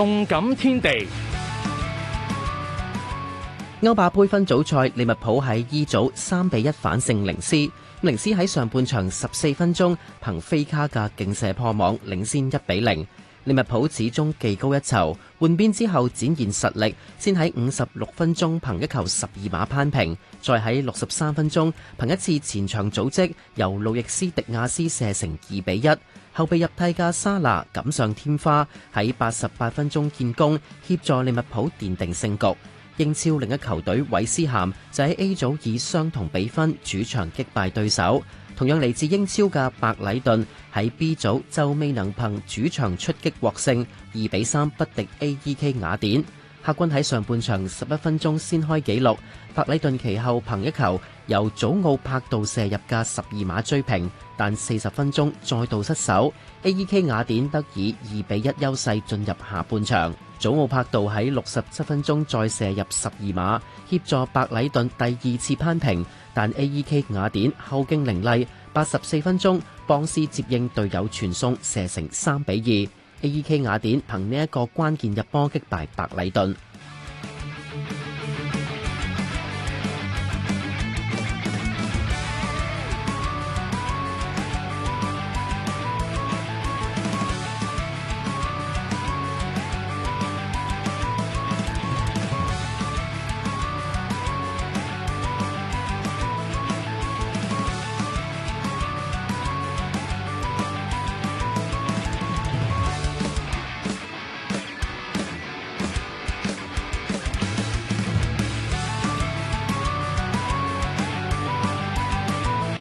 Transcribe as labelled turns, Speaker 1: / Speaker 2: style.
Speaker 1: 動感天地，歐霸盃分組賽，利物浦喺 E 組三比一反勝靈斯，靈斯喺上半場十四分鐘憑飛卡嘅勁射破網，領先一比零。利物浦始終技高一籌，換邊之後展現實力，先喺五十六分鐘憑一球十二碼扳平，再喺六十三分鐘憑一次前場組織，由路易斯迪亞斯射成二比一。後備入替嘅沙拿錦上添花，喺八十八分鐘建功，協助利物浦奠定勝局。英超另一球隊韋斯咸就喺 A 組以相同比分主場擊敗對手，同樣嚟自英超嘅白禮頓，喺 B 組就未能憑主場出擊獲勝，二比三不敵 AEK 雅典。客軍喺上半場十一分鐘先開紀錄，白禮頓其後憑一球由祖奧柏度射入嘅十二碼追平，但四十分鐘再度失守。A.E.K. 雅典得以二比一優勢進入下半場。祖奧柏度喺六十七分鐘再射入十二碼，協助白禮頓第二次攀平，但 A.E.K. 雅典後勁凌厲，八十四分鐘邦斯接應隊友傳送射成三比二。A.E.K. 雅典憑呢一個關鍵入波擊敗白禮頓。